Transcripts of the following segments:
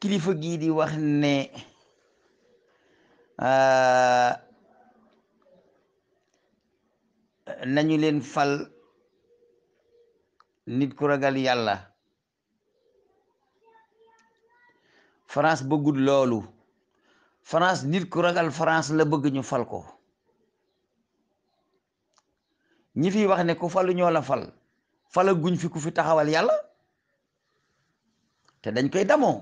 kilifa gii di wax ne euh, nañu leen fal nit ku ragal yàlla France bëggul loolu France nit ku ragal France la bëgg ñu fal ko ñi fi wax ne ku falu ñoo la fal fala fi ku fi taxawal yàlla te dañ koy damoo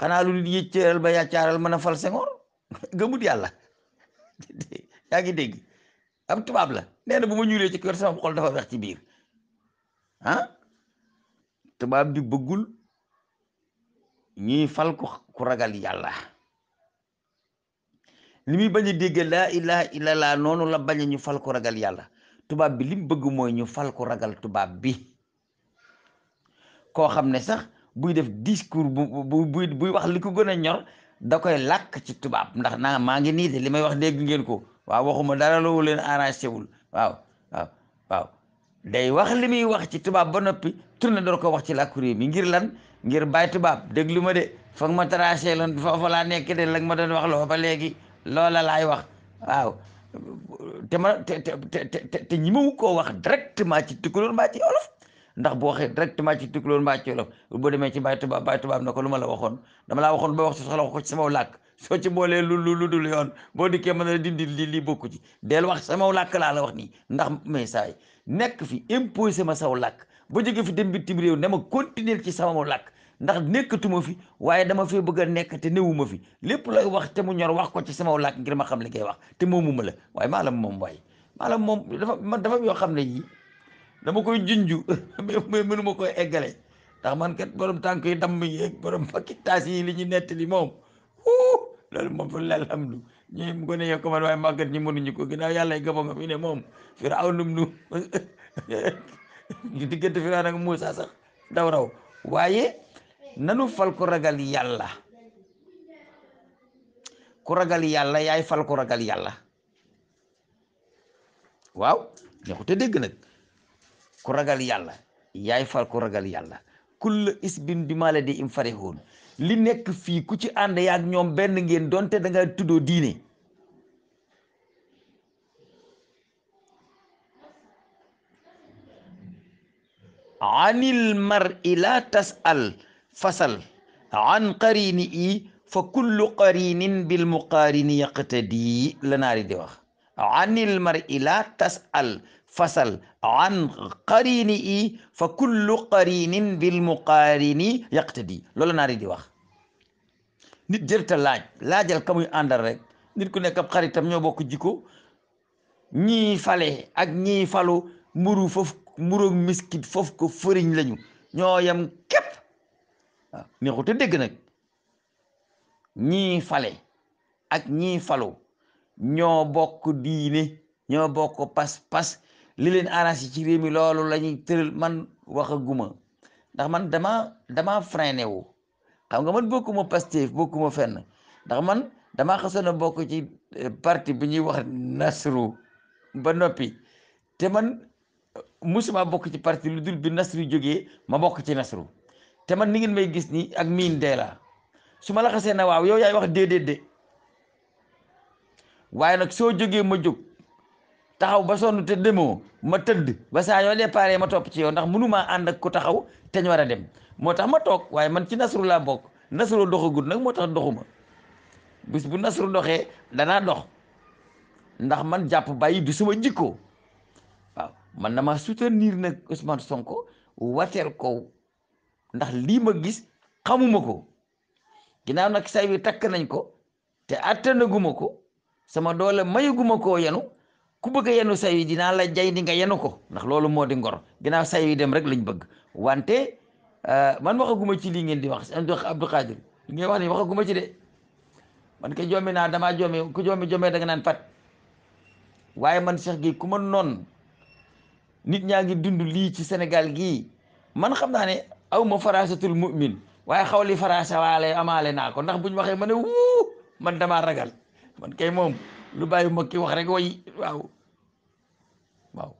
xanaa lu nit yëccëral ba yàccaaral mën a fal Senghor gëmut yàlla yaa ngi dégg am tubaab la nee bu ma ñuulee ci kër sama xol dafa weex ci biir ah? tubaab bi bëggul ñuy fal ko ku ragal yàlla li muy bañ a dégg ilaa ilaha illallah noonu la bañ ñu fal ko ragal yàlla tubaab bi li bëgg mooy ñu fal ko ragal tubaab bi koo xam ne sax buy def discours bu bu buy wax li ko gën a ñor da koy lakk ci tubaab ndax naa maa ngi nii de li may wax dégg ngeen ko waaw ma dara loowu leen arrangé wul waaw waaw waaw day wax li muy wax ci tubaab ba noppi na door ko wax ci làkku réew mi ngir lan ngir bàyyi tubaab déglu ma de foog ma tracé lan foofa laa nekk de la ma doon wax loo ba léegi loola laay wax waaw te ma te te te te ñi ma koo wax directement ci tukulóor mbaa ci olof ndax boo waxee directement ci tukulóor mbaa ci wolof boo demee ci baay tubaab baay tubaab na ko lu ma la waxoon dama laa waxoon ba wax ci soxla ko ci samaw làkk soo ci boolee lu lu lu dul yoon boo dikkee mën a dindi li lii bokku ci del wax samaw làkk laa la wax nii ndax mais saa nekk fi imposé ma saw làkk ba jóge fi dem bitim réew ne ma continuer ci samaw làkk ndax nekkatuma fi waaye dama fee bëgg a nekk te newuma fi lépp lay wax te mu ñor wax ko ci samaw làkk ngir ma xam li ngay wax te moomuma la waaye la moom waaye maalam moom dafa man dafa xam ne yii dama koy junju mais mënu ma koy eggale ndax man kat borom tànk yi damm yi ak borom pakki taas yi li ñu nettali moom wuu loolu moom fa la alhamdu ñu ko ne yo man waaye màggat ñi mënuñu ko ginnaaw yàlla gamo nga fi ne moom firaaw num nu diggante firaaw nag Muusa sax daw waaye nanu fal ko ragal yàlla ku ragal yaay fal ko ragal yàlla waaw ñoo ko te nag ku ragal yàlla yaay far ku ragal yàlla kulla isbin bi mala di li nekk fii ku ci ànd yaag ñoom benn ngeen donte da nga tuddoo diine anil mar'i la tas'al fasal an qarini fa kullu qarinin bil muqarini yaqtadi la naari di wax anil mar'i la tas'al fasal an qarini i fa kullu qarinin bil muqarini yaqtadi loolu naar yi di wax nit jërta laaj laajal ka muy àndal rek nit ku nekk ab xaritam ñoo bokk jikko ñii fale ak ñii falu mburu foofu mburoog miskit foofu ko fëriñ lañu ñoo yam képp waaw neexute dégg nag ñii fale ak ñii falu ñoo bokk diine ñoo bokk pas-pas li leen ci réew mi loolu la ñuy tëral man wax guma ndax man dama dama freiné wu xam nga man bokkuma Pastef bokkuma fenn ndax man dama xasoon a bokk ci eh, parti bi ñuy wax Nasru ba noppi te man eh, musuma bokk ci parti lu dul bi Nasru jógee ma bokk ci Nasru te man ni ngeen may gis nii ak miin dee la su ma la xasee na waaw yow yaay wax déedéet de waaye nag soo jógee ma jóg taxaw ba sonn te demoo ma tëdd ba saa yoo déparé ma topp ci yow ndax mënumaa ànd ak ko taxaw teñ ñu war a dem moo tax ma toog waaye man ci nasru laa bokk nasru doxagut nag moo tax doxuma bis bu nasru danaa dox ndax man jàpp bàyyi du suma jikkoo waaw man ma soutenir nag Ousmane Sonko wateel ko ndax lii ma gis xamuma ko ginnaaw nag say bi takk nañ ko te attanaguma ko sama doole mayaguma ko yenu ku bëgg yenu say wi dinaa la jay di nga yenu ko ndax loolu moo di ngor ginnaaw say wi dem rek lañ bëgg wante euh, man waxaguma ci lii ngeen di wax Abdou Khadir li ngeen wax nii waxaguma ci de man ke joomi naa damaa joomi ku joomi joomee da naan pat waaye man Cheikh gi ku ma noon nit ñaa ngi dund lii ci Sénégal gii man xam naa ne aw ma farasatul mu'min waaye xaw li farasa waale amaale naa ko ndax buñ waxee ma ne wuu man damaa ragal man kay moom lu bàyyi mbokki wax rek way waaw waaw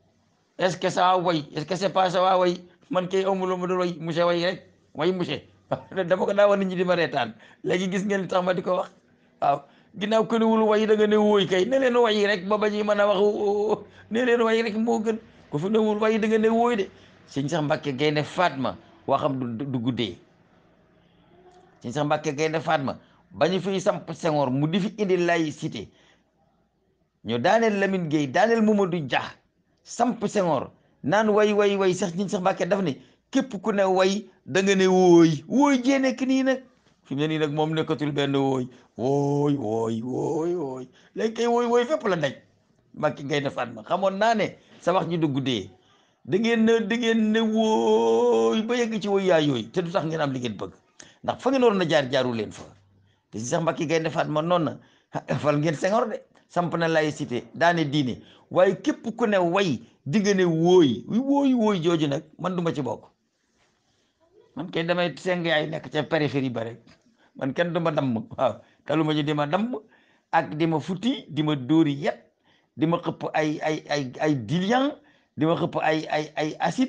est-ce que ça way est que c'est way man kay amuloo ma dul way monsieur way rek way monsieur dama ko daa war nit ñi di ma reetaan léegi gis ngeen tax ma di ko wax waaw ginnaaw ko niwul way da nga ne wóoy kay ne leen way rek ba ba ñuy mën a wax ne leen way rek moo gën ku fi newul way da nga ne wóoy de sëñ sax Mbàkke Gaynde Fatma waxam du guddee sax Mbàkke Gaynde Fatma bañu fiy samp Senghor mu di fi indi laïcité ñu daaneel Lamine Gueye daaneel du jaa samp Senghor naan way way way sax ñiñ sax Mbàkke daf ne képp ku ne way da nga ne wooy wooy ki nekk nii nag fi mu ne nii nag moom nekkatul benn wooy wooy wooy wooy woy léegi kay wooy wooy fépp la daj Mbàkke ngay defaat ma xamoon naa ne sa wax du guddee da ngeen ne da ngeen ne wooy ba yegg ci wooy yaa yooyu te du sax ngeen am li ngeen bëgg ndax fa ngeen waroon a jaar jaaru leen fa te si sax Mbàkke ngay defaat ma noon na fal ngeen Senghor de samp na laïcité daane diine waaye képp ku ne way digga ne wooy wóoy wooy jooju nag man duma ci bokk man kay damay seng yaay nekk ca périphérie ba rek man kenn du ma damm waaw talu ma ñu di damm ak di ma futti dima ma dóori yet di ma xëpp ay ay ay ay diluant xëpp ay ay ay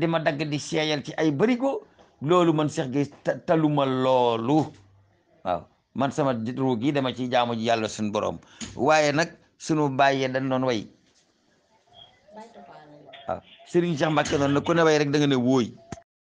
di ma dagg di seeyal ci ay barigo loolu man Cheikh Gueye taluma loolu man sama ruu gi dama ci jaamu ji yàlla suñu borom waaye nag sunu mbaay yee dañ noon way waaw Serigne Cheikh Mbacke noonu nag ku ne way rek da nga ne wooy